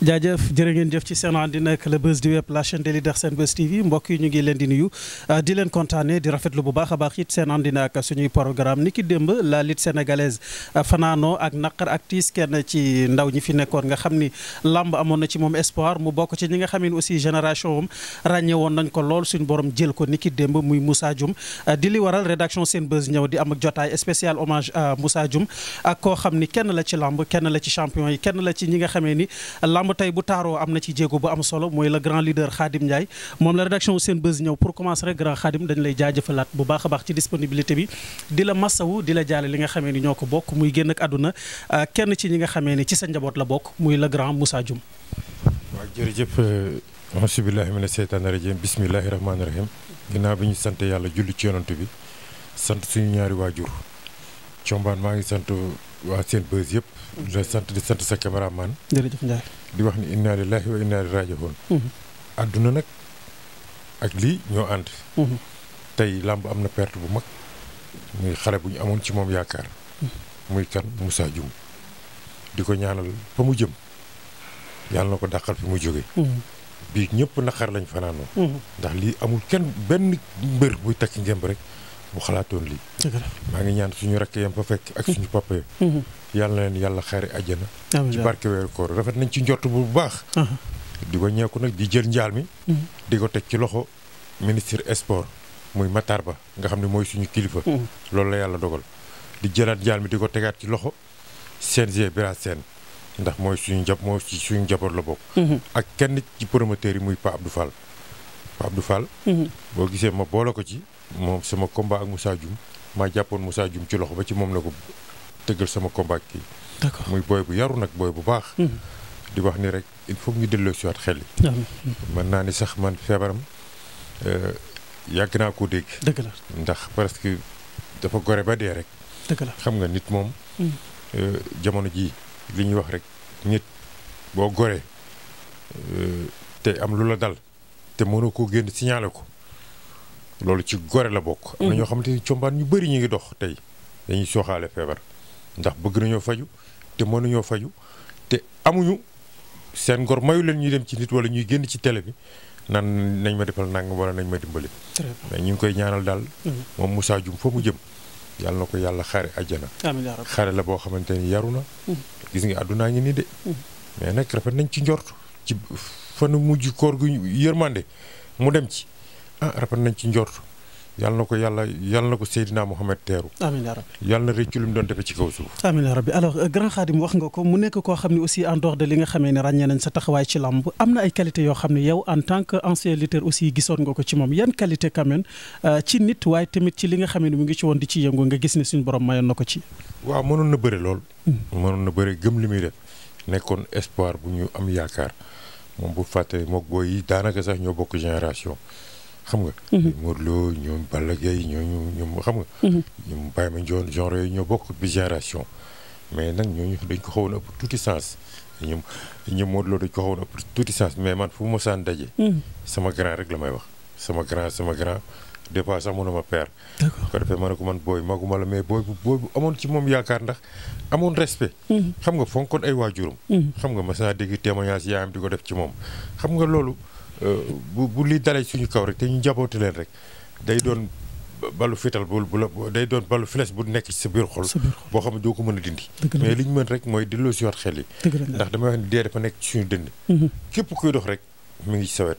jaajëf jërë ngeen jëf ci seen àndina ak le buzz du web la chaîne des leaders Senbuzz TV mbokk yi ñu ngi leen di nuyu ah, di leen kontaane di rafetlu bu baax a baax it seen àndina ak suñuy programme ni ki démb la lutte sénégalaise ah, fanaanoo ak naqar actrice kenn ci ndaw ñi fi nekkoon nga xam ni làmb amoon na ci moom espoir mu bokk ci ñi nga xam ni aussi génération am ràññe woon nañ ko lool suñu borom jël ko ni ki démb muy Moussa Dioum ah, di li waral rédaction Senbuzz ñëw di am ak jotaay spécial hommage à Moussa ak koo xam ni kenn la ci làmb kenn la ci champion yi kenn la ci ñi nga xamee ni lamb tey bu taaroo am na ci jéego bu am solo mooy le grand leader Khadim Ndiaye moom la rédaction Senbuzz ñëw pour commencer rek grand Khadim dañ lay jaajëfalaat bu baax a baax ci disponibilité bi di la massawu di la jaale li nga xamee ni ñoo ko bokk muy génn ak àdduna euh, kenn ci ñi nga xamee ni ci sa njaboot la bokk muy le grand Moussa Dioum. waaw jërëjëf euh, asibillahi mina seytaani rajim bismillahi rahmaani rahim ginnaaw bi ñu sant yàlla julli ci yonant bi sant suñu ñaari waajur waa seen bës yëpp. Mhm. di sant di sant sa caméraman. jërëjëf Ndiaye. di wax ni inna lillahi wa inna ilayhi raji'un. Mhm. àdduna nag ak lii ñoo ànd. Mhm. tey làmb am na perte bu mag. muy xale bu ñu amoon ci moom yaakaar. muy kan Moussa Dioum. di ko ñaanal fa mu jëm. yàlla na ko dàqal fi mu jóge bii ñëpp naqar lañ fanaanoo ndax lii amul kenn benn mbër buy takk ngemb rek. bu xalaatoon lii. maa ngi ñaan suñu rakk yam fa fekk ak suñu papa yam. Mhm. yàlla na leen yàlla xaari àjjana. ci barke weeru koor rafet nañ ci njort bu baax. di ko ñeeku nag di jël njaal mi. Mhm. di ko teg ci loxo ministre sport muy Matar Ba nga xam ne mooy suñu kilifa. Mhm. loolu la yàlla dogal di jëlaat njaal mi di ko tegaat ci loxo CNG Bira ndax mooy suñu njab mooy ci suñu njaboot la bokk. ak kenn ci promoteur yi muy Pa Abdou Fall. Pa Abdou Fall. boo gisee ma boole ko ci. moom sama combat ak Moussa Dioum maa jàppoon Moussa Dioum ci loxo ba ci moom la ko tëggal sama combat ki d'accord muy booy bu yaru nag booy bu baax. Hmm. di wax ni rek il foog ñu delloo si waat xel ah, man hmm. naa ni sax man feebaram euh, yàgg naa koo dégg. dëgg la ndax presque dafa gore ba dee rek. dëgg la xam nga nit moom. Hmm. Euh, jamono ji li ñuy wax rek nit boo goree euh, te am lu la dal te mënoo koo génn siñaale ko. loolu ci gore la bokk. am na mm. ñoo xamante ni combaan ñu bari ñu ngi dox tey dañuy sooxaale feebar ndax bëgg nañoo faju te mënuñoo faju te amuñu seen ngor mayu leen ñuy dem ci nit wala ñuy génn ci tele bi nan nañ ma defal nangam wala nañ ma dimbali. mais ñu ngi koy ñaanal daal. Mm. moom Moussa Dioum fa mu jëm. yàlla na ko yàlla xaare àjjana. amiin xaare la boo xamante ni yaru na. Mm. gis nga àddunaa ngi nii de. mais nag rafet nañ ci njort ci fanu mujj koor gu yërmande mu dem ci. ah rafet nañ ci njort yal na ko yàlla yàlla na ko Seydina Mohamed teeru. amiin yaa rabbi yàlla na rëccu lu mu doon defee ci kaw suuf. amiin yaa rabbi alors euh, grand Khadim wax ko mu nekk koo xam ne aussi en dehors de li nga xamee ne ràññee nañ sa taxawaay ci làmb am na ay qualité yoo xam ne yow en tant que ancien lutteur aussi gisoon nga ko ci moom yan qualité quand même euh, ci nit waaye tamit ci li nga xamee ne mu ngi ci woon di ci yëngu nga gis ne suñu borom mayoon na ko ci. waaw mënoon na bëre lool. Hmm. mënoon na bëre gëm li muy def nekkoon espoir bu ñu am yaakaar moom bu fàtte moog booy yi daanaka sax ñoo bokk génération xam nga. Mhm. Modou Lo ñoom Balla Gaye ñooñu ñoom xam nga. Mhm. ñoom Baye Mandione genre yooyu ñoo bokk bi génération mais nag ñooñu dañ ko xawoon ëpp tuuti sens ñoom ñoom Modou loo dañ ko xawoon ëpp tuuti sens mais man fu ma saan daje. Mhm. sama grand rek la may wax sama grand sama grand. des fois sax mënuma père. ko defee ma ne ko man booy maguma la mais booy bu booy bu amoon ci moom yaakaar ndax amoon respect. xam nga fonkoon ay waajuram. xam nga mas naa dégg témoignage yaayam di ko def ci moom xam nga loolu. bu bu li dalee suñu kaw rek te ñu jaboote leen rek day doon balu fital bu bu la day doon balu flèche bu nekk ci sa biir xol boo xam ne doo ko mën a dindi mais li ñu mën rek mooy delloo si waat xel yi ndax damay wax ni dee nekk ci suñu dënd mm-hmm. képp kuy dox rek mu ngi ci sa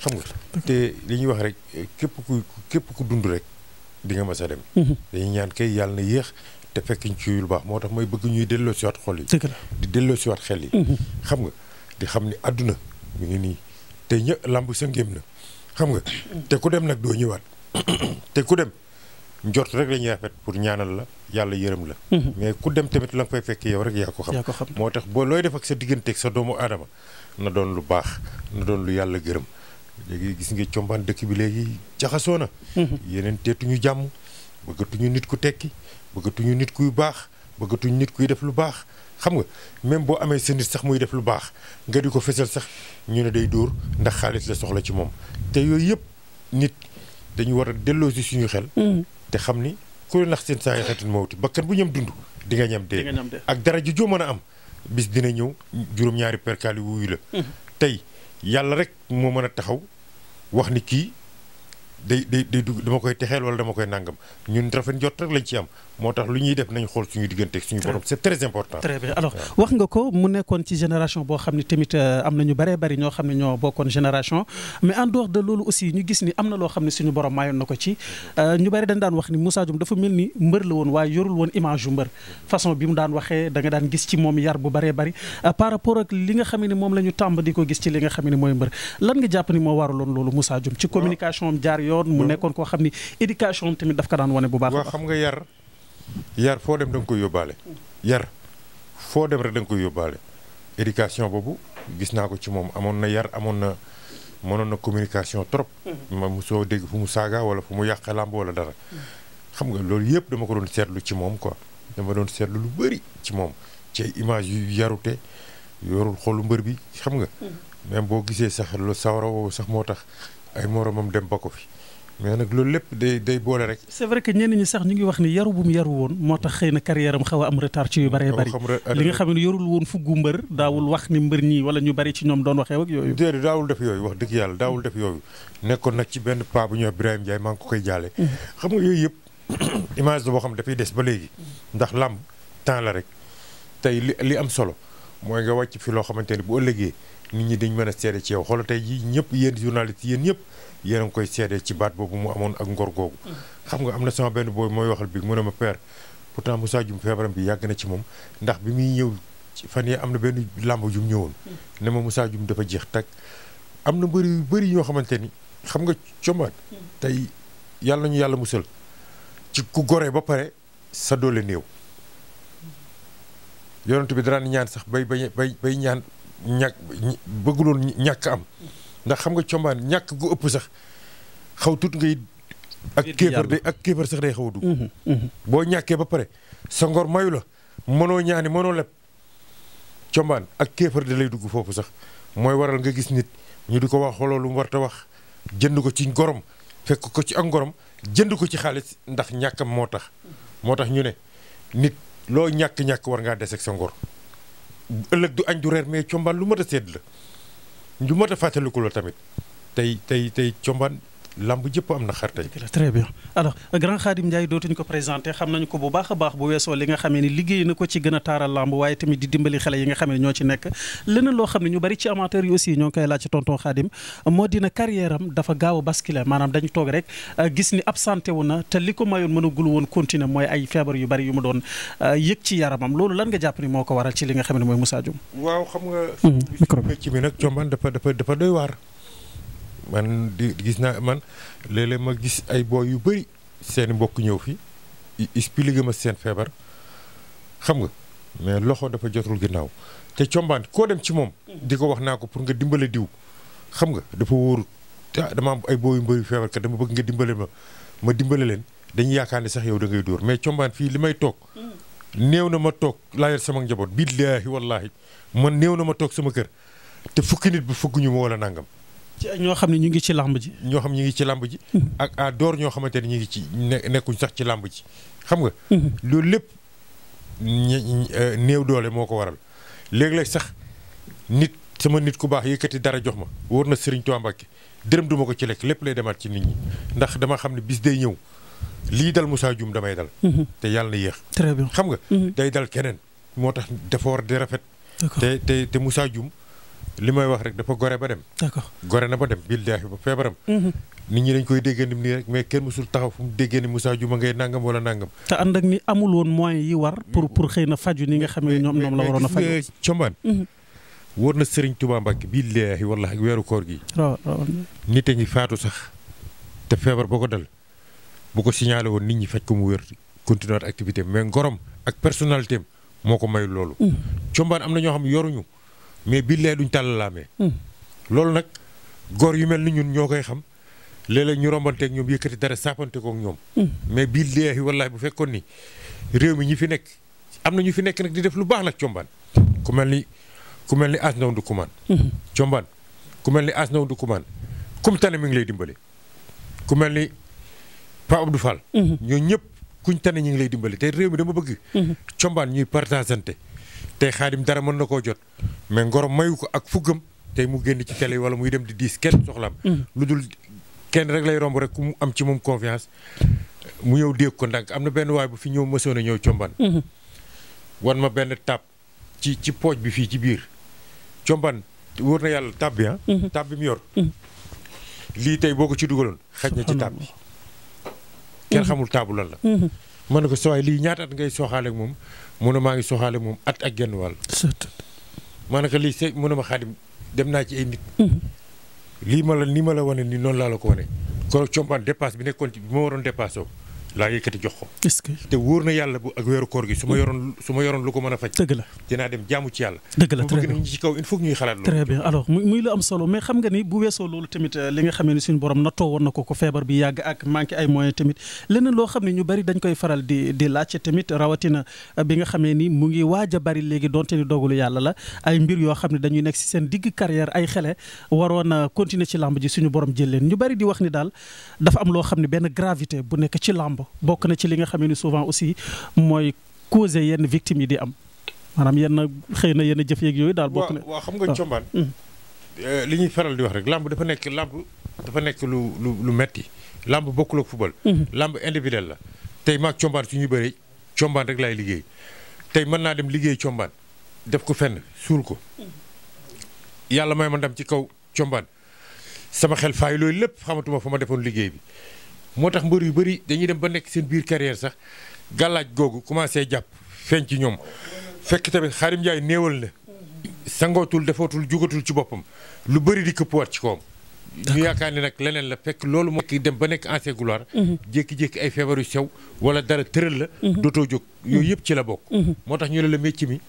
xam nga te li ñuy wax rek képp ku képp ku dund rek di nga mas a dem mm-hmm. ñaan kay yàlla na yéex te fekk ñu ci lu baax moo tax mooy bëgg ñuy delloo si waat xol yi di delloo si waat xel yi mm-hmm. xam nga di xam ni àdduna mi ngi nii te ñë lamb sa ngéem la xam nga te ku dem nag doo ñëwaat te ku dem njort rek la ñuy rafet pour ñaanal la yàlla yërëm la mhm. mais ku dem tamit la nga fay fekk yow rek yaa ko xam moo tax boo looy def ak sa digganteeg sa doomu aadama na doon lu baax na doon lu yàlla gërëm léegi gis nga combaan dëkk bi léegi jaxasoo na mhm. yeneen teetuñu jàmm bëggatuñu nit ku tekki bëggatuñu nit kuy baax bëggatuñu nit kuy def lu baax xam nga même boo amee sa sax muy def lu baax nga di ko fësal sax ñu ne day dóor ndax xaalis la soxla ci moom te yooyu yëpp nit dañu war a delloo suñu xel. Mm. te xam ni ku la nax seen saa yi xetin mawti bakkan bu ñam dund di nga ñam dee. ak dara ju joo mën a am bis dina ñëw juróom-ñaari perkaal yu mm-hmm. tey yàlla rek moo mën a taxaw wax ni kii day day day dugg dama koy texeel wala dama koy nangam ñun rafet jot rek lañ ci am moo tax lu ñuy def nañ xool suñu diggante ak suñu borom c'est très important. très bien alors wax nga ko mu nekkoon ci génération boo xam ne tamit euh, am na ñu bëree bëri ñoo xam ne ñoo bokkoon génération mais en dehors de loolu aussi ñu gis ni am na loo xam ne suñu borom maayoon na ko ci euh, ñu bëri dañ daan wax ni Moussa Dioum dafa mel ni mbër la woon waaye yorul woon image yu mbër façon bi mu daan waxee da nga daan gis ci moom yar bu bëree bëri euh, par rapport ak li nga xam ne moom la ñu tàmb di ko gis ci li nga xam ne mooy mbër lan nga jàpp ni moo waraloon loolu Moussa Dioum ci communication am jaar yoon mu nekkoon koo xam ni éducation am tamit daf ko daan wane bu baax xam nga yar yar foo dem da nga koy yóbbaale. yar foo dem rek da koy yóbbaale. éducation boobu gis naa ko ci moom amoon na yar amoon na mënoon na communication trop. Mm-hmm. ma soo dégg fu mu saaga wala fu mu yàqee làmb wala dara. Mm-hmm. xam nga loolu yëpp dama ko doon seetlu ci moom quoi dama doon seetlu lu bëri ci moom ci image yu yarute yorul xoolu mbër bi xam nga. Mm-hmm. même boo gisee sax lu sawara woowu sax moo tax ay moromam dem ba ko fi. mais nag loolu lépp day day boole rek. c'est vrai que ñenn ñi sax ñu ngi wax ni yaru bu mu yaru woon moo tax xëy na carrière am a am retard ci yu bëree bëri li nga xam ne yarul woon fuggu mbër daawul wax ni mbër ñi wala ñu bëri ci ñoom doon waxee ak yooyu. déedéet daawul def yooyu wax dëgg yàlla daawul def yooyu nekkoon nag ci benn paa bu ñuy wax Ibrahima Ndiaye maa ngi ko koy jaale. Mhm. xam nga yooyu yëpp image la boo xam dafay des ba léegi. ndax làmb temps la rek tey li li am solo mooy nga wàcc fi loo xamante ni bu ëllëgee nit ñi dañ mën a seede ci tey jii ñëpp yéen journaliste yéen ñëpp yéen a koy seede ci baat boobu mu amoon ak ngor googu. xam nga am na sama benn booy mooy waxal bi mu ne ma père pourtant Moussa Dioum feebaram bi yàgg na ci moom ndax bi muy ñëw ci fan yii am na benn làmb ju ñëwoon. Hmm. ne ma Moussa Dioum dafa jeex tag am na mbëri bari ñoo xamante ni xam nga combat hmm. tey yàlla ñu yàlla musal ci ku goree ba pare sa doole néew. yonent bi daan ñaan sax bay bay bay ñaan ñàkk bëgguloon ñàkk am. ndax xam nga combaan ñàkk gu ëpp sax xaw tut ngay ak kéefar de ak kéefar sax day xaw a dugg mhm, mhm. boo ñàkkee ba pare sa ngor mayu la mënoo ñaani mënoo leb combaan ak kéefar da lay dugg foofu sax mooy waral nga gis nit ñu di ko wax xooloo lu mu war wax jënd ko ci ngorom fekk ko ci ak ngorom jënd ko ci xaalis ndax ñàkkam moo tax moo tax ñu ne nit loo ñàkk-ñàkk war ngaa des ak sa ngor ëllëg du añ du reer mais combaan lu ma a sedd la lu mot a fàttaliku la tamit tey tey tey combaan lamb jëpp am na xar tey très bien alors grand Khadim Ndiaye dootuñ ko présenté xam nañu ko bu baax a baax bu weesoo li nga xamee ni liggéey na ko ci gën a taaral lamb waaye tamit di dimbali xale yi nga xamee ne ñoo ci nekk leneen loo xam ne ñu bari ci amateur yi aussi ñoo ngi koy laaj ci tonton Khadim moo dina carrière am dafa gaaw a basculer maanaam dañu toog rek euh, gis ni absenté na te li ko mayoon mënagul woon continuer mooy ay feebar yu bari yu mu doon euh, yëg ci yaramam loolu lan nga jàpp moo ko waral ci li nga xam ne mooy Moussa Dioum waaw xam nga micro bi ci bi nag man di gis naa man léeg ma gis ay booy yu bëri seeni mbokk ñëw fi expliqué ma seen feebar xam nga mais loxo dafa jotul ginnaaw te combaan koo dem ci moom di ko wax naa ko pour nga dimbale diw xam nga dafa wóoru dama am ay booy yu bëri feebar kat dama bëgg nga dimbale ma ma dimbale leen dañ yaakaar ne sax yow da ngay dóor mais combaan fii li may toog néew na ma toog laajal sama njaboot bii billaahi wallaahi man néew na ma toog sama kër te fukki nit bu fukki ñu nangam ci ak ñoo xam ne ñu ngi ci làmb ji. ñoo xam ñu ngi ci làmb ji. Mm-hmm. ak à ñoo xamante ne ñu ngi ci nekkuñ sax ci làmb ji xam nga. Mm-hmm. loolu lépp euh, néew doole moo ko waral léeg-léeg sax nit sama nit ku baax yëkkati dara jox ma wóor na sëriñ Touba Mbacké dërëm duma ko ci lekk lépp lay demaat ci nit ñi ndax dama xam ne bis day ñëw lii dal Moussa jum damay dal. Mm-hmm. te yàlla na yéex. très bien xam nga. day dal keneen moo tax dafa war di rafet. te te te Moussa Dioum li may wax rek dafa gore ba dem. gore na ba dem billaahi ba feebaram. Mhm. nit ñi dañ koy déggandi nii rek mais kenn musul taxaw fu mu déggee ni Moussa Diouma ngay nangam wala nangam. te ànd ak ni amul woon moyens yi war. pour pour xëy na faju ni nga xam ne ñoom ñoom la waroon a combaan mhm. wóor na Serigne Touba Mbacke billaahi wallaahi weeru koor gi. nit a ngi faatu sax te feebar boo ko dal bu ko signalé woon nit ñi faj ko mu wér continuer activité mais ngorom ak personnalité moo ko may loolu. Mhm. combaan am na ñoo xam yoruñu. mais billaay duñ tàllalaamee. Hmm. loolu nag góor yu mel ni ñun ñoo koy xam léeg-léeg ñu rombanteeg ñoom yëkkati dara saapante kook ñoom. Hmm. mais billaay wallaay bu fekkoon nii réew mi ñu fi nekk am na ñu fi nekk nag di def lu baax nag combaan ku mel ni ku mel ni as ndaw ndu kumaan. Hmm. combaan ku mel ni as ndaw ndu kumaan kum tane mi ngi lay dimbale ku mel ni Pape du Fall. ñoo ñëpp kuñ tane ñu ngi lay dimbale te réew mi dama bëgg. combaan ñuy partagante. tey xaadim dara mën na koo jot mais ngorom mayu ko ak fuggam tey mu génn ci yi wala muy dem di diis kenn soxlaam. Mm. lu dul kenn rek lay romb rek ku mu am ci moom confiance mu ñëw dégg ko ndànk am na benn waay bu fi ñëw mësoon a ñëw comban mm-hmm. wan ma benn tab ci ci pooj bi fii ci biir comban wóor na yàlla tab bi ah. mm-hmm. tab bi mu yor mm-hmm. lii tey boo ko ci dugaloon xaj na ci tab bi kenn xamul taabu lan la mën na ko sooy lii ñaata ngay sooxaaleeg moom mu ne maa ngi soxaale moom at ak genn wàll. ma ne ko lii se mu a ma xaadim dem naa ci ay nit. Mhm. lii ma la ni ma la wane nii noonu laa la ko wane. kon compaan dépasse bi nekkoon ci bi ma waroon dépassé laa yëkkati jox ko. est-ce te wóor na yàlla bu ak weeru koor gi su ma mm. yoroon su ma yoroon lu ko mën a faj. dëgg la dinaa dem jaamu ci yàlla. dëgg la très bien bu ci kaw il faut que ñuy xalaat loolu. muy muy am solo mais xam nga ni bu weesoo loolu tamit euh, li nga xamee ni suñu borom nattoo woon na ko ko feebar bi yàgg ak manqué ay moyens tamit leneen loo xam ne ñu bari dañ koy faral di di laajte tamit rawatina euh, bi nga xamee ni mu ngi waaj a bari léegi donte ni dogalu yàlla la ay mbir yoo xam ne dañuy nekk si seen digg carrière ay xele waroon a continuer ci làmb ji suñu borom jël leen ñu bari di wax ni daal dafa am loo xam ne nekk ci làmb bokk na ci li nga xam ne souvent aussi mooy causer yenn victimes yi di am maanaam yenn xëy na yenn jëf yeeg yooyu daal. bokk na waaw xam nga combaan. Ah. Hmm. Euh, li ñuy faral di wax rek làmb dafa nekk làmb dafa nekk lu lu lu metti làmb bokkul ak football. Hmm. làmb individuel la tey maag combaan su ñuy bëree combaan rek lay liggéey tey mën naa dem liggéey combaan def ko fenn suul ko yàlla may ma ndam ci kaw combaan sama xel fay loolu lépp xamatuma fa ma defoon liggéey bi moo tax mbër yu bëri dañuy dem ba nekk seen biir carrière sax gàllaaj googu commencé jàpp feeñ ci ñoom fekk tamit Xaadim Njaay néewal na sangootul defootul jugatul ci boppam lu bëri di këppwaat ci kawam ñu yaakaar ni nag leneen la fekk loolu moo dem ba nekk ancien gloire mhm. jékki-jékki ay feebaru sew wala dara tëral la mhm. dootoo jóg yooyu yëpp ci la bokk mhm. moo tax ñu ne la métier mi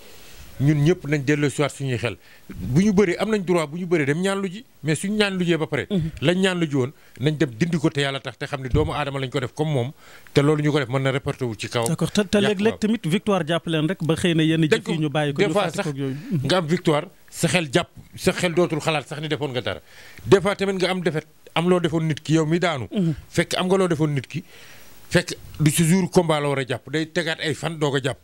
ñun ñëpp nañ delloo si suñuy xel bu ñu bëri am nañ droit bu ñu bëree dem ñaan lu ji mais suñu ñaan lujee ba pare mhm. lañ ñaan lu ji woon nañ dem dindi ko te yàlla tax te xam ne doomu aadama lañ ko def comme moom te loolu ñu ko def mën na réporté wu ci kaw d'accord te léeg-léeg tamit victoire jàpp leen rek ba xëy na yenn jëf yi ñu bàyyi ko des fois sax nga am sa xel jàpp sa xel dootul xalaat sax ni defoon nga dara des fois tamit nga am defet am loo defoon nit ki yow mi daanu mhm. fekk am nga loo defoon nit ki fekk du toujours combat la war a jàpp day tegaat ay fan doo jàpp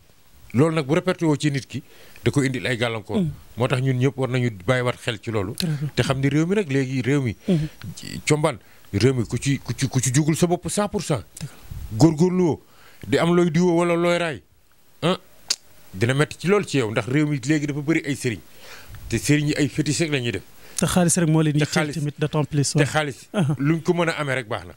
loolu nag bu réperté ci nit ki da ko indil ay gàllankoor. Mm. moo tax ñun ñëpp war nañu bàyyiwaat xel ci loolu. te xam ni réew mi nag léegi réew mi. Mm-hmm. combaan réew mi ku ci ku ci ku ci jugul sa bopp 100 pour cent. góorgóorlu woo di am looy diwoo wala looy raay ah dina métti ci loolu ci yow ndax réew mi léegi dafa bëri ay sëriñ te sëriñ yi ay fétiche rek ñuy def. te xaalis rek moo leen di teel tamit d'autant plus. te xaalis uh-huh. luñ ko mën a amee rek baax na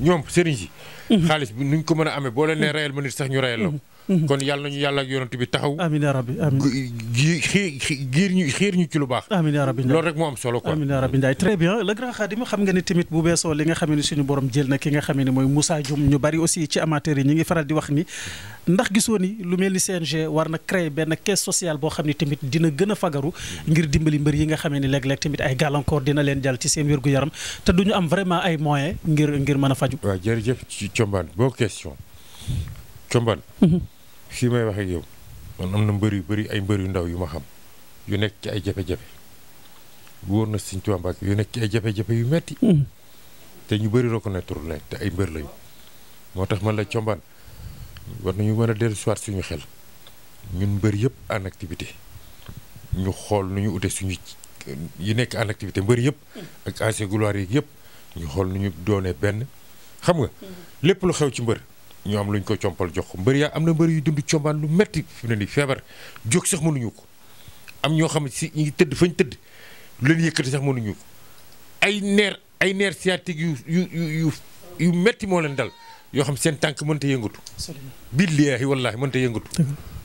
ñoom sëriñ si. Mm-hmm. xaalis bi nuñ ko mën a amee boo leen nee mm-hmm. rayal ma nit sax ñu rayal la Mhm. kon yàlla ñu yàlla ak yonent bi taxaw. amiin yaa rabbi amiin xiir ñu xiir ñu ci lu baax. amiin yaa rabbi loolu rek moo am solo quoi. amiin yaa rabbi Ndiaye très bien le grand Khadim xam nga ni tamit bu beesoo li nga xam ne suñu borom jël na ki nga xam ne mooy Moussa Dioum ñu bari aussi ci amateurs yi ñu ngi faral di wax ni ndax gisoo ni lu mel ni g war na créer benn caisse sociale boo xam ni tamit dina gën a fagaru ngir dimbali mbër yi nga xam ne léeg-léeg tamit ay gàllankoor dina leen jàll seen wérgu yaram te duñu am vraiment ay moyens ngir ngir mën a faju waaw jërëjëf ci Thiombane bonne question Thiombane mhm. fii may wax ak yow man am na mbër yu bëri ay mbër yu ndaw yu ma xam yu nekk ci ay jafe-jafe wóor na Sëñ Tuubaa yu nekk ci ay jafe-jafe yu metti mm. te ñu bëri reconnaître leen te ay mbër lañu moo tax man la combaan war nañu mën a dellu siwaat suñu xel ñun mbër yëpp en activité ñu xool nu ñu ute suñu yi nekk en activité mbër yëpp ak anciennes gloires yi yëpp ñu xool nu ñu doonee benn xam nga mm. lépp lu xew ci mbër ñoo am luñ ko compal jox ko mbër yaa am na mbër yu dund combaan lu metti fi mu ne nii feebar jóg sax mënuñu ko am ñoo xam si ñu ngi tëdd fañ tëdd lu leen yëkkati sax mënuñu ko ay neer ay neer sciatique yu yu yu yu metti moo leen dal yoo xam seen tànk mënta yëngatu. billaahi wallaahi mënta yëngatu.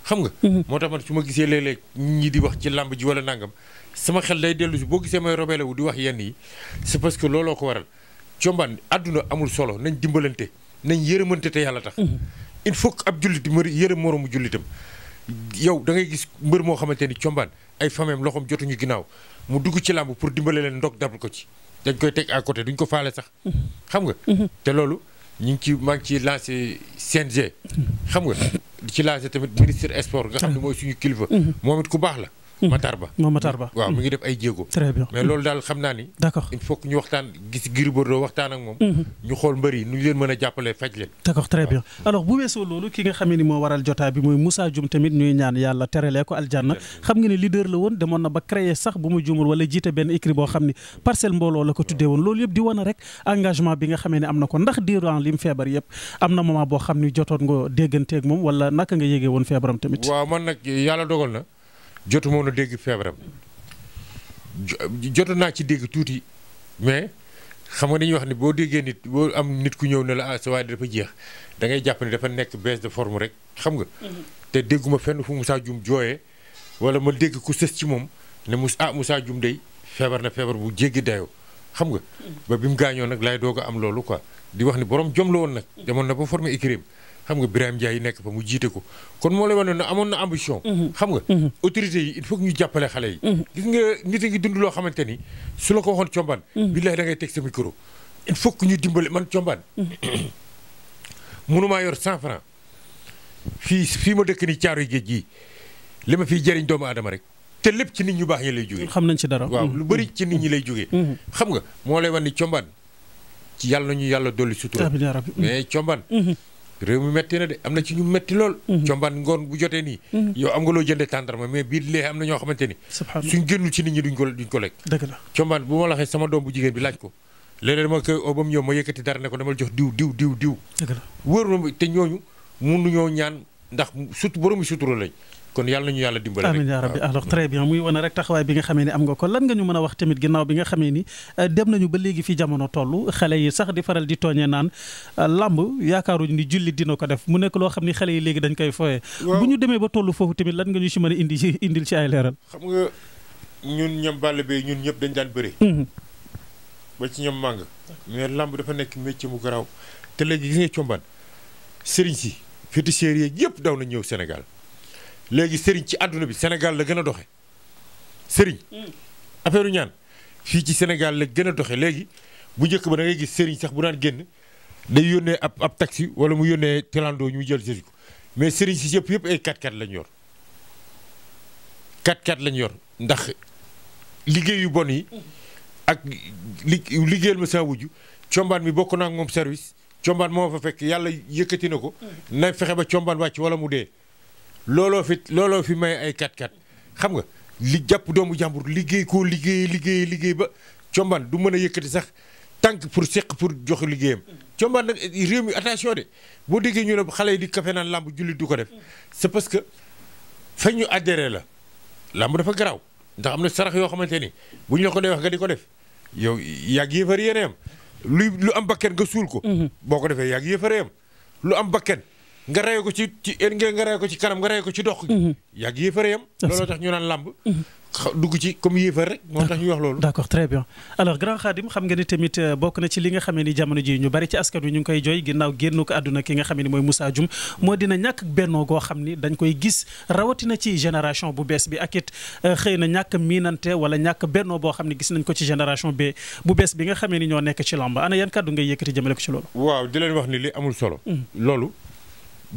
xam nga. Mhm. moo tax man su ma gisee léeg-léeg ñi di wax ci làmb ji wala nangam sama xel day dellu si boo gisee may robeele wu di wax yenn yi c'est parce que looloo ko waral combaan àdduna amul solo nañ dimbalante. nañ yërëmante te yàlla tax. il faut que ab jullit mër yërëm moroomu jullitam. yow da ngay gis mbër moo xamante ni combaan ay fameem loxoom jotuñu ginnaaw mu dugg ci làmb pour dimbale leen ndog dabal ko ci dañ koy teg à côté duñ ko faale sax. xam nga. te loolu ñu ngi ci maa ci ciy lancé CNG. xam nga di ci lancé tamit ministre sport nga xam ne mooy suñu kilifa. Mm-hmm. moom it ku baax la. Matar Ba moom Matar Ba waaw mu mm. ngi def ay jéego très bien mais loolu daal xam naa ni d'accord il faut que ñu waxtaan gis Gris Bordeaux waxtaan ak moom mm-hmm. ñu xool mbër nu ñu leen mën a jàppale faj leen d'accord très bien alors bu weesoo loolu ki nga xamee ni moo waral jotaay bi mooy Moussa Dioum tamit ñuy ñaan yàlla lee ko aljanna xam nga ne leader la woon demoon na ba créer sax bu ma juumul wala jiite benn écrit boo xam ni parcelle mbooloo la ko tuddee woon loolu yëpp di wane rek engagement bi nga xamee ne am na ko ndax durant lim feebar yëpp na moment boo xam ni jotoon nga dégganteeg moom wala naka nga yégee woon feebaram tamit waaw man nag yàlla dogal na jotu moon a dégg feebaram jotu naa ci dégg tuuti mais xam nga dañuy wax ni boo déggee nit boo am nit ku ñëw ne la ah sa waay dafa jeex da ngay jàpp ne dafa nekk baisse de forme rek xam nga. Mm-hmm. te dégguma fenn fu Moussa jum jooyee wala ma dégg ku sës ci moom ne mus ah Moussa jum day feebar na feebar bu jéggi dayoo xam nga. Mm-hmm. ba bi mu gaañoo nag lay doog a am loolu ko di wax ni borom jom la woon nag. Mm-hmm. demoon na ba former écurie xam nga Birame yi nekk fa mu jiite ko kon moo lay wane ne amoon na ambition. Mhm. xam nga mhm. autorité yi il faut ñu jàppale xale yi. Mhm. gis nga nit a ngi dund loo xamante ni su la ko waxoon combaan. billahi da ngay teg sa micro. il faut que ñu dimbale man combaan. mënumaa yor cent franc fii fii ma dëkk ni caaru géej gi li ma fiy jëriñ doomu aadama rek. te lépp ci nit ñu baax ñi lay jógee. xam nañ ci dara waaw lu bari ci nit ñi lay jóge xam nga moo lay wan ni combaan yàlla ñu yàlla réew mi metti na de am na ci ñu metti lool. Mhm. combaan ngoon bu jotee nii. Mhm. yow am nga loo jëndee tàndarma mais bii lee am na ñoo xamante ni. suñ génnu ci nit ñi duñ ko duñ ko lekk. dëgg la combaan bu ma la waxee sama doom bu jigéen bi laaj ko. léeg-léeg ma koy oo ba mu ñëw ma yëkkati dara ne ko dama jox diw diw diw diw. dëgg la wóor na te ñooñu mënuñoo ñaan ndax surtout boromi sutura lañ. kon yàlla ñu yàlla dimbale rek amiin yaa rabbi ah. alors très bien muy wane rek taxawaay bi nga xamee ni am nga ko lan nga ñu mën a wax tamit ginnaaw bi nga xamee ni euh, dem nañu ba léegi fi jamono toll xale yi sax di faral di tooñee naan euh, làmb yaakaaruñu ni julli dina ko def mu nekk loo xam ni xale yi léegi dañ koy foyee bu ñu demee ba toll foofu tamit lan nga ñu si mën a indi ci indil ci ay leeral xam nga ñun ñoom bàll bi ñun ñëpp dañ daan bëri mm-hmm. ba ci ñoom màng mais làmb dafa nekk métier mu garaaw te léegi gis nga combaan sëriñ si féticheurs yi yëpp daw na ñëw Sénégal léegi sëriñ ci àdduna bi Sénégal la gën a doxe sëriñ mm. affaire u ñaan fii ci Sénégal la gën a doxe léegi bu njëkk ba da gis sëriñ sax bu daan génn day yónnee ab ab taxi wala mu yónnee telandoo ñu jël sëriñ ko mais sëriñ si yëpp yëpp ay 4x4 lañ yor 4 x lañ yor ndax liggéeyu bon yi mm. ak li liggéeyal ma saa wujju combaan mi bokk naa ak moom service combaan moo fa fekk yàlla yëkkati na ko mm. na fexe ba combaan wàcc wala mu dee looloo fi looloo fi may ay kat kat xam nga li jàpp doomu jàmbur liggéey ko liggéey liggéey liggéey ba combaan du mën a yëkkati sax tànk pour seq pour jox liggéeyam. combaan nag eh, réew mi attention de boo déggee ñu ne xale yi di kafe naan làmb jullit du ko def c'est parce que fa ñu adhéré la làmb dafa garaaw ndax am na sarax yoo xamante ni bu ñu la ko dee wax nga di ko def yow yàgg yëfar yéene am luy lu am bakken nga suul ko. Mhm. boo ko defee yàgg yëfar yéene lu am bakken nga rey ko ci ci nga rey ko ci kanam nga rey ko ci dox gi mhm. yàgg yéefar yam looloo tax ñu naan làmb mhm. dugg ci comme yéefar rek moo tax ñu wax loolu d'accord très bien alors grand Khadim xam nga ni tamit euh, bokk na ci li nga xamee ni jamono ji ñu bari ci askan wi ñu ngi koy jooy ginnaaw génn ko àdduna ki nga xamee ni mooy Moussa Dioum moo dina ñàkk bennoo goo xam ni dañ koy gis rawatina ci génération bu bees bi ak it euh, xëy na ñàkk miinante wala ñàkk bennoo boo xam ne gis nañ ko ci génération bi bu bees bi nga xamee ni ñoo nekk ci làmb ana yan kàddu ngay yëkkati jëmale ko ci loolu waaw di leen wax ni li amul solo mhm. loolu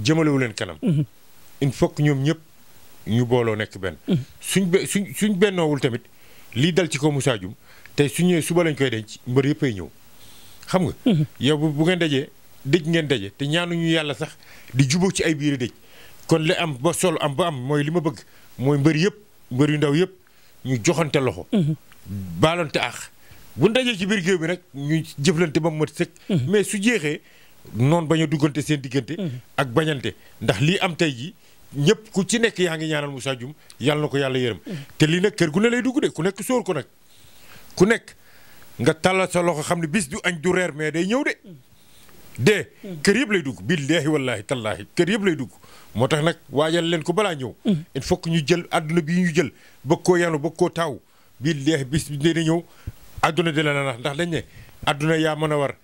jëmalewu leen kanam. Mhm. il faut que ñoom ñëpp ñu booloo nekk benn. Mhm. suñ be suñ suñ bennoowul tamit lii dal ci ko Moussa Dioum tey su ñëwee suba lañ koy denc mbër yëpp ay ñëw xam nga. Mhm. yow bu ngeen dajee dëj ngeen daje te ñaanu ñu yàlla sax di jubóo ci ay biir dëj kon li am ba sol am ba am mooy li ma bëgg mooy mbër yëpp mbër yu ndaw yëpp ñu joxante loxo. baalonte ax bu ndajee ci biir géew bi nag ñu jëflante ba mu mat sëkk. mais su jeexee. noonu bañ a duggante seen diggante. Mhm. ak bañante ndax lii am tey jii ñëpp ku ci nekk yaa ngi ñaanal Moussa Dioum yàlla na ko yàlla yërëm. Mhm. te lii nag kër gu ne lay dugg de ku nekk sóor ko nag ku nekk nga tàllal sa loxo xam ne bis du añ du reer mais day ñëw de. Mhm. de kër yëpp lay dugg billaahi wallaahi tallaahi kër yëpp lay dugg moo tax nag waajal leen ko balaa ñëw. il faut ñu jël àdduna bi ñu jël bëgg koo yanu bëgg koo taw bii bis bi dina ñëw àdduna dina la nax ndax dañ àdduna yaa mën a war.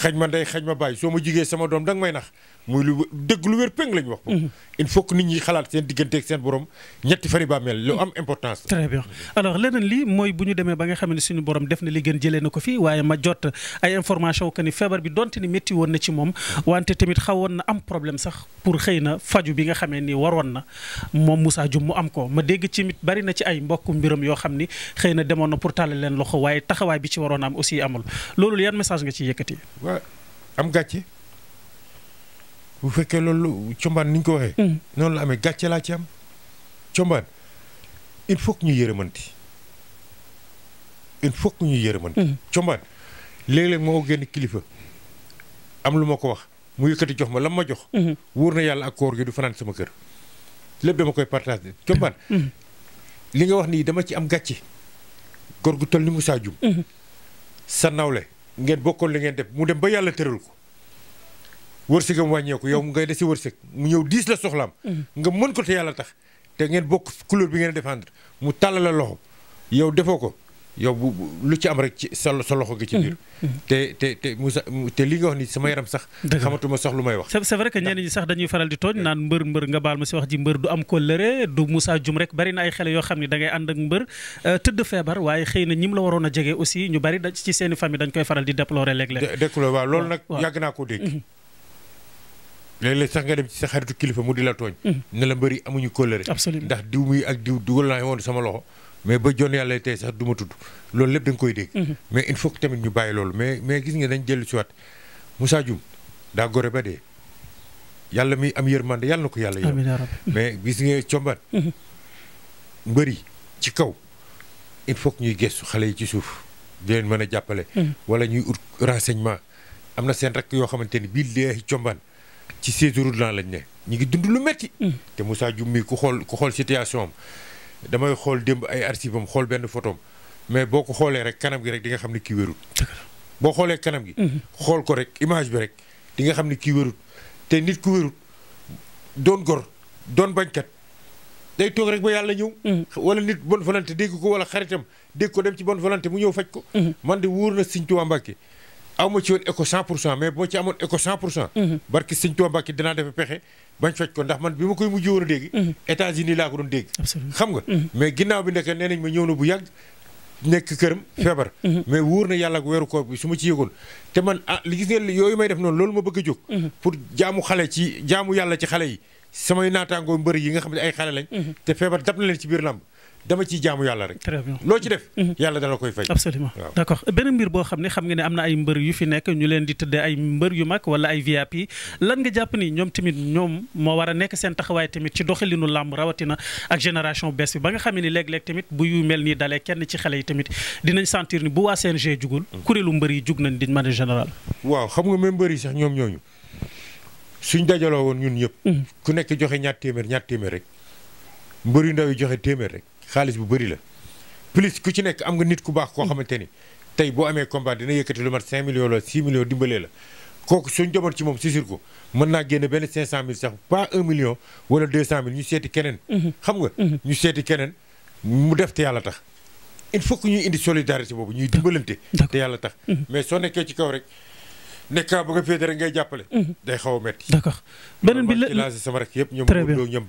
xaj ma ndey xaj ma bàyyi soo ma jigee sama doom danga may nax muy lu dëgg lu wér péng la ñu wax. Mhm. il faut que nit ñi xalaat seen digganteeg seen borom ñetti fari bàmmeel lu am mhm. importance. très bien leneen lii mooy bu ñu demee ba nga xam suñu borom def na li gën jëlee na ko fi waaye ma jot information que ni feebar bi donte ni métti na ci moom wante tamit xawoon na am problème sax pour xëy na faju bi nga xamee ni waroon na moom Moussa Dioum mu am ko ma dégg ci bari na ci ay mbokku mbiram yoo xam ni xëy na demoon na pour tàllal leen loxo waaye taxawaay ci waroon am aussi amul loolu yaa message nga ci yëkkati. waaw am gàcce bu fekkee loolu combaan ni ñu ko waxee. Hmm. noonu la amee gàcce laa ci am combaan il faut que ñu yërëmanti il faut ñu yërëmanti. Hmm. combaan léeg-léeg moo génn kilifa am lu ma ko wax mu yëkkati jox ma lam ma jox. Hmm. wóor na yàlla ak koor gi du fanaan sama kër lépp dama koy partagé combaan. li nga wax nii dama ci am gàcce. góor gu toll ni Moussa Dioum. sa nawle ngeen bokkoon li ngeen def mu dem ba yàlla tëral ko. wërsëgam wàññeeku yow ngay dese wërsëg mu ñëw diis la soxlaam. Mm-hmm. nga mën ko te yàlla tax te ngeen bokk couleur bi ngeen défendre mu tàllal la loxo yow defoo ko yow bu lu ci am rek ci sa sa loxo gi ci biir. Mm-hmm. Mm-hmm. te te te Moussa te li nga wax ni sama yaram sax. xamatuma sax lu may wax. c'est vrai que ñenn ñi sax dañuy faral di tooñ eh. naan mbër mbër nga baal ma si wax ji mbër du am kóllëre du Moussa Dioum rek bari na ay xele yoo xam ne da ngay ànd ak mbër euh, tëdd feebar waaye xëy na ñim la waroon a jege aussi ñu bari ci seen i famille dañ koy di déplorer léeg-léeg. dé déploré waaw naa ko dégg. léeg-léeg sax nga dem ci sa xaritu kilifa mu di la tooñ. Mm-hmm. ne la mbëri amuñu kóllëre. ndax diw muy ak diw dugal naa woon sama loxo. mais ba jon yàlla tey sax du tudd loolu lépp danga koy dégg. Mm-hmm. mais il faut tamit ñu bàyyi loolu mais mais gis nga dañ jël si waat Moussa Dioum daa gore ba dee yàlla mi am yërmande yàlla na ko yàlla yërëm. mais gis nga combat. Mm-hmm. mbëri ci kaw il faut ñuy gëstu xale yi ci suuf di mën a jàppale. wala ñuy ut renseignement am na seen r yoo xamante ni bii dee combaan ci seize route lañ ne ñu ngi dund lu métti. Mm. te Moussa Dioum mi ku xool ku xool situation am damay xool démb ay archive am xool benn photo mais boo ko xoolee rek kanam gi rek di nga xam ne kii wérut. boo xoolee kanam gi. Mm-hmm. xool ko rek image bi rek di nga xam ne kii te nit ku wérut doon gor doon bañkat day toog rek ba yàlla ñëw. Mm-hmm. wala nit bonne volonté dégg ko wala xaritam dégg ko dem ci bonne volonté mu ñëw faj ko. Mm-hmm. man de wóor na Sëñ Tuubaa Mbàkke aw ma ci woon éco 100 pour cent mais boo ci amoon éco 100 pour cent. Mhm. barki sëñ Tuubaa Mbàkke dinaa def pexe bañ faj ko ndax man bi ma koy mujj woon a dégg. Mhm. États-Unis laa ko doon dégg. xam nga. Mhm. mais ginnaaw bi nekk nee nañ ma ñëw na bu yàgg. nekk këram feebar. mais wóor na yàlla weeru koor bi su ma ci yëgoon te man ah li gis ngeen yooyu may def noonu loolu ma bëgg a jóg. pour jaamu xale ci jaamu yàlla ci xale yi samay naataangoo mbër yi nga xam ne ay xale te feebar dab na leen ci biir làmb dama ci jaamu yàlla rek. très loo ci def. Mhm. yàlla dala koy fay. absolument waaw benn mbir boo xam ne xam nga ne am na ay mbër yu fi nekk ñu leen di tëddee ay mbër yu mag wala ay VIP lan nga jàpp ni ñoom tamit ñoom moo war a nekk seen taxawaay tamit ci doxalinu làmb rawatina ak génération bees bi ba nga xam ni léeg-léeg tamit bu yu mel nii dalee kenn ci xale yi tamit dinañ sentir ni bu waa CNG jugul. Mhm. kuréelu mbër yi jug nañ di manière général waaw xam nga même mbër yi sax ñoom ñooñu suñ dajaloo woon ñun ñëpp. Mhm. ku nekk joxe ñaar téeméer ñaar téeméer rek mbër joxe téeméer xaalis bu bëri la plus ku ci nekk am nga nit ku baax koo mm. xamante ni tey boo amee combat dina yëkkati lu mat 5 millions la 6 millions dimbalee la kooku suñ demoon ci moom susur ko mën naa génn benn 500000 sax pas 1 million wala 200000 ñu seeti keneen. Mm-hmm. xam nga. Mm-hmm. ñu seeti keneen mu def te yàlla tax il faut que ñuy indi solidarité boobu ñuy dimbalante. te yàlla tax mm-hmm. mais soo nekkee ci kaw rek. nekk ba nga féete rek ngay jàppale. Mhm. day xaw a métti. d' accord beneen bi la très bien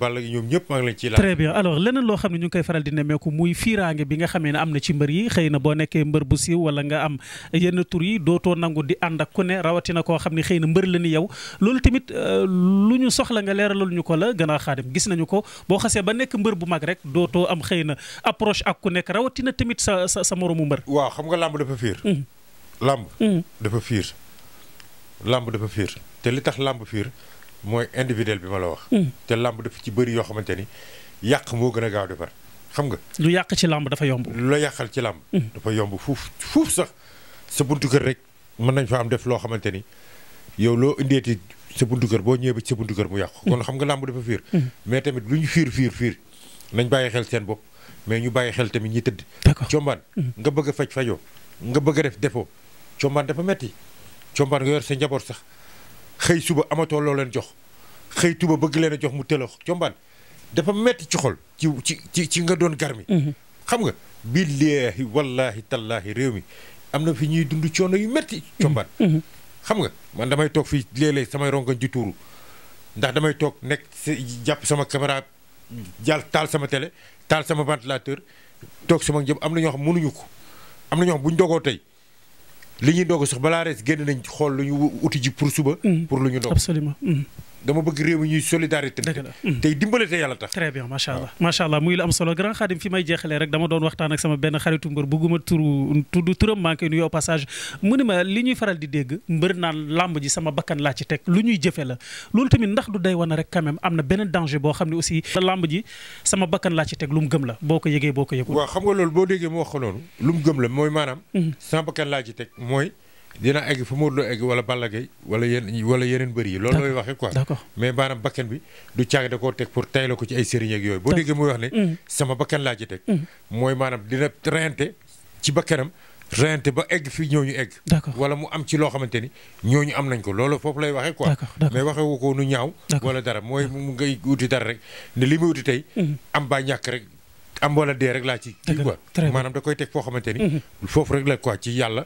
ñëpp maa ngi leen ciy laaj. très bien alors leneen loo xam ne ñu ngi koy faral di nemmeeku muy fiiraange bi nga xamee ne am na ci mbër yi xëy na boo nekkee mbër bu siiw wala nga am yenn tur yi dootoo nangu di ànd ak ku ne rawatina koo xam ne xëy na mbër la ni yow. loolu tamit euh, lu ñu soxla nga leeralal ñu ko la gën a xaadim gis nañu ko boo xasee ba nekk mbër bu mag rek dootoo am xëy na approche ak ku nekk rawatina tamit sa sa sa moromu mbër. waaw xam nga làmb dafa fiir mhm. làmb mhm. dafa fiir làmb dafa fiir te li tax làmb fiir mooy individuel bi ma la wax. Hmm. te làmb dafa ci bëri yoo xamante ni yàq moo gën a gaaw defar xam nga. lu yàq ci làmb dafa yomb. lu yàqal ci làmb. Hmm. dafa yomb fuuf fuuf sax sa buntu kër rek mën nañ fa am def loo xamante ni yow loo indeeti sa buntu kër boo ñëwee ba ci sa buntu kër mu yàqu. kon hmm. xam nga làmb dafa fiir. mais tamit lu ñu fiir fiir fiir nañ bàyyi xel seen bopp mais ñu bàyyi xel tamit ñi tëdd. d'accord combaan nga bëgg a faj fajoo nga bëgg a def defoo combaan dafa metti compaan nga yor sa njaboot sax xëy suba amatoo loo leen jox xëy tuba bëgg leen a jox mu tëlëx compaan dafa metti ci xol ci ci ci nga doon garmi mhm. xam nga billaahi wallaahi tallaahi réew mi am na fi ñuy dund coono yu metti compaan mhm. mhm. xam nga man damay toog fii léeg sama rongo rongoñ di ndax damay toog nekk jàpp sama caméra jàll taal sama tele taal sama ventilateur toog sama njëm am na ñoo xam mënuñu ko am na ñoo xam bu dogoo tey li ñuy doog sax balaa res génn nañ xool lu ñu uti ji pour suba. Mm. pour lu ñu doog. absolument. Mm. dama bëgg réew mi ñuy solidarité. dëgg la tey dimbale te yàlla tax. très bien macha allah macha allah muy la am solo grand xaadim fi may jeexalee rek dama doon waxtaan ak sama benn xaritu mbër bugguma turu tudd turam maa ngi koy nuyoo passage mu ne ma li ñuy faral di dégg mbër naan làmb ji sama bakkan laa ci teg lu ñuy jëfe la loolu tamit day wane rek quand am na benn danger boo xam ne aussi làmb ji sama bakkan laa ci teg lu mu gëm la boo ko yëgee boo ko yëgul. waaw xam nga loolu boo déggee moo wax ko loolu lu mu gëm la mooy maanaam. Mhm. sama bakkan laa ci teg mooy dina egg fu Modou Lo egg wala Balla Gaye wala yenn wala yeneen bëri yi loolu looy waxee quoi mais maanaam bakkan bi du caag da koo teg pour tay la ko ci ay sëriñ yooyu boo déggee muy wax ne mm. sama bakkan laa ci teg mm. mooy maanaam dina reyante ci bakkanam reyante ba egg fii ñu egg wala mu am ci loo xamante ni ñooñu am nañ ko loolu foofu lay waxee quoi mais waxee ko nu ñaaw wala dara mooy mu ngay wuti dara rek ne li muy wuti tey mm. am baa ñàkk rek am wala dee rek laa ci kii quoi maanaam da koy teg foo xamante ni mm-hmm. foofu rek la quoi ci yàlla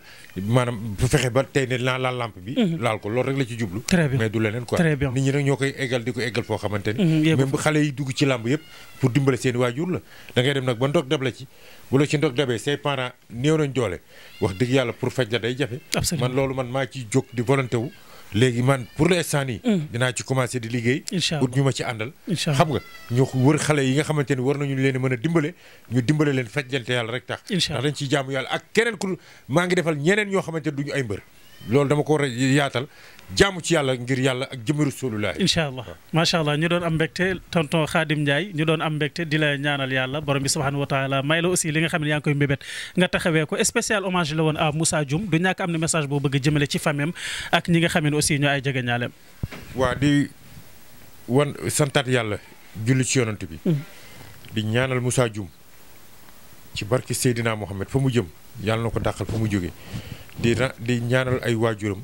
maanaam bu fexe ba tey ne naa laal lampe bi mm-hmm. laal ko loolu rek la ci jublu mais du leneen quoi nit ñi nag ñoo koy eggal di ko eggal foo xamante ni mm-hmm, même xale yi dugg ci làmb yëpp pour dimbale seen waajur la da ngay dem nag ba ndog dab la ci bu la ci ndog dabee say parents néew nañ doole wax dëgg yàlla pour faj la day jafe man loolu man maa ci jóg di volonté wu léegi man pour l'instant nii. Mm. danaa ci commencé di liggéey. incha allah ñu ma ci àndal. xam nga ñu wër xale yi nga xamante ni war nañu leen mën a dimbale ñu dimbale leen fajjante yàlla rek tax. incha allah ndax dañ ciy jaamu yàlla ak keneen ku maa ngi defal ñeneen ñoo xamante ne du ñu ay mbër loolu dama ko war a yaatal jaamu ci yàlla ngir yàlla ak jëmmi rasulullah incha allah macha allah ñu doon am mbégte tonton Khadim Ndiaye ñi doon am mbégte di la ñaanal yàlla borom bi subhanahu wa taala may la aussi li nga xam ne yaa ngi koy mbébét nga taxawee ko spécial hommage la woon à Moussa Dioum du ñàkk am na message boo bëgg jëmale ci famem ak ñi nga xam ne aussi ñoo ay jege ñaaleem waa di wan santaat yàlla julli ci yonant bi mm. di ñaanal Moussa Dioum ci barke Seydina Mohamed fa mu jëm yàlla ko dàqal fa mu di di ñaanal ay waajuram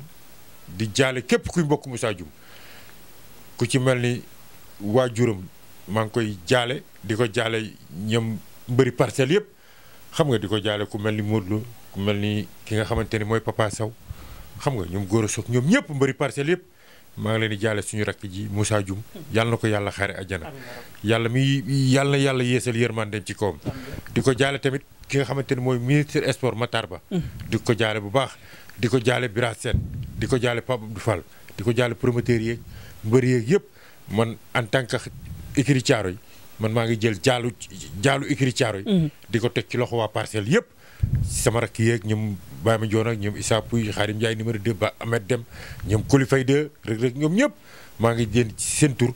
di jaale képp kuy mbokk Moussa Dioum ku ci mel ni waajuram maa ngi koy jaale di ko jaale ñoom mbëri parcelles yëpp xam nga di ko jaale ku mel ni Modou Lo ku mel ni ki nga xamante ni mooy Papa Sow xam nga ñoom góor a soog ñoom ñëpp mbëri parcelles yëpp maa ngi leen di jaale suñu rakk ji musaa Dioum yàlla na ko yàlla xaare àjjana yàlla mi yàlla na yàlla yeesal yërmandeem ci kawam di ko jaale tamit ki nga xamante ni mooy ministre sport Matar Ba. Mm. di ko jaale bu baax di ko jaale Bira set di ko jaale Pape Abdou Fall di ko jaale promoteur yeeg mbër yeeg yëpp man en tant que écurie Thiaroye man maa ngi jël jaalu jaalu écurie Thiaroye mm-hmm. di ko teg ci loxo waa parcelle yëpp sama rakk yeeg ñoom Baye Mandione ak ñoom Issa Pouye Xaadim Ndiaye numéro 2 ba Ahmed Dem ñoom Koli Faye 2 Reug Reug ñoom ñëpp maa ngi jël ci seen tur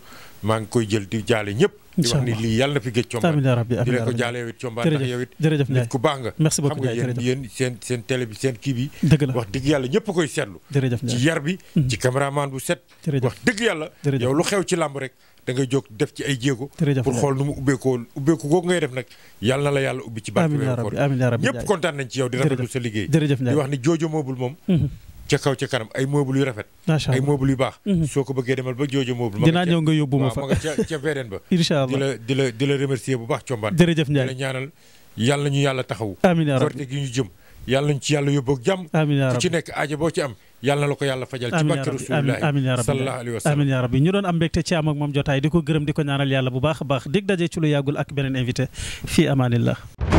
maa ngi koy jël di jaale ñëpp. di wax ni lii yàlla na fi géej combaan di la ko jaale yow it combaan ndax yow it nit ku baax nga seen seen télé bi seen kii bi wax dëgg yàlla ñëpp koy seetlu ci yar bi mm-hmm. ci caméraman bu set wax dëgg yàlla yow lu xew ci làmb rek da ngay jóg def ci ay jéego pour xool nu mu ubbeekoo ubbeeku googu ngay def nag yàlla na la yàlla ubbi ci barke weeru koor ñëpp kontaan nañ ci yow di rafetlu sa liggéey di wax ni joojo moobul moom mm-hmm. ca kaw ca kanam ay meuble yu rafet. macha allah ay meuble yu baax. Mhm. soo ko bëggee demal ba joojo meuble. dinaa ñëw nga yóbbu ma fa ma nga ca ca VDN ba. incha di la di bu baax Combaan. jërëjëf Ndiaye di la ñaanal yàlla ñu yàlla taxawu. amiin yaa rabbi gi ñu jëm. yàlla nañ ci yàlla yóbbu ak jàmm. amiin ci nekk aaja boo ci am. yàlla la ko yàlla fajal ci barke rasulillah sallallahu alayhi wa sallam amiin yaa rabbi ñu doon am mbégte ci am ak moom jotaay di ko gërëm di ko ñaanal yàlla bu baax a baax dig daje ci lu yàggul ak beneen invité fii amaanillah